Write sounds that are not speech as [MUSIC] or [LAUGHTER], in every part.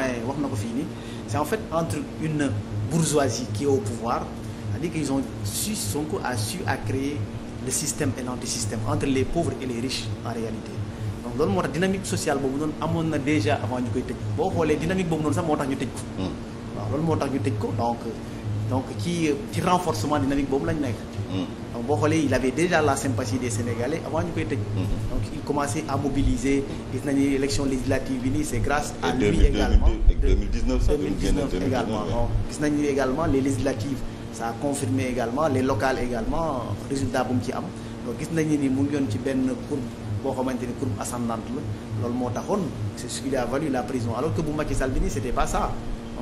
citoyen wax na ko fii nii c'est en fait entre une bourgeoisie qui au pouvoir c'est-à-dire qu'ils ont su Sonko a su à créer le système et l'antisystème entre les pauvres et les riches en réalité donc loolu moo tax dynamique social boobu noonu amoon na déjà avant ñu koy tëj boo xoolee dynamique boobu noonu sax moo tax ñu tëj ko hmm. waaw loolu moo tax ñu tëj ko donc donc ci ci renforcement dynamique boobu lañ nekk hmm. boo xoolee il avait déjà la sympathie des Sénégalais avant ñu koy tëj. Mhm. donc il commençait à mobiliser gis nañu élection législative bi nii c'est grâce à lui également 2019 2019 gis nañu également les législatives ça a également les locales également résultat bu mu ci am donc gis nañu ni mu ngi yoon ci benn courbe boo xamante ni courbe ascendante la loolu moo taxoon c'est ce qui lui a valu la prison alors que bu Macky Sall bi nii c'était pas ça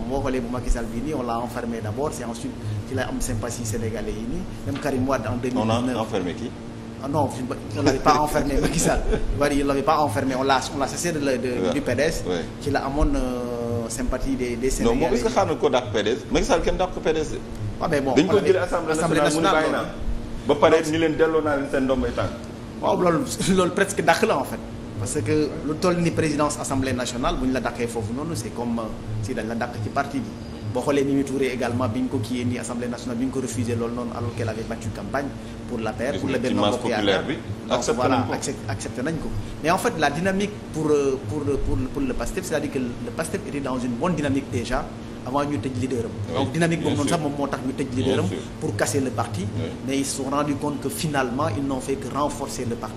boo xoolee bu Macky Sall bii nii on l'a enfermé d'abord c'est ensuite ci la am sympathie sénégalais yi nii même Karim Wade en a enfermé qui ah non de, de ouais. Euh, non moom est-ce que ko dàq PDS Macky kenn dàq ko PDS de waaw ah, bon dañ ko jël assemblée nationale bàyyi naa ba pare ñu leen delloo naa leen seen ndombay tànk waaw loolu [LAUGHS] loolu presque dàq la en parce que lu toll ni présidence assemblée nationale bu ñu la dàqee foofu noonu c'est comme euh, si dañ la dàq ci parti bi boo xoolee Mimi Touré également bi ñu ko kiyee nii assemblée nationale bi ñu ko refusé loolu noonu alors qu'elle avait battu campagne pour la paix pour le Benno Bokk Yaakaar donc nañ ko mais en fait la dynamique euh, euh, pour pour le PASTEF c'est-à-dire que le PASTEF était dans une bonne dynamique déjà avant ñu tëj leader donc dynamique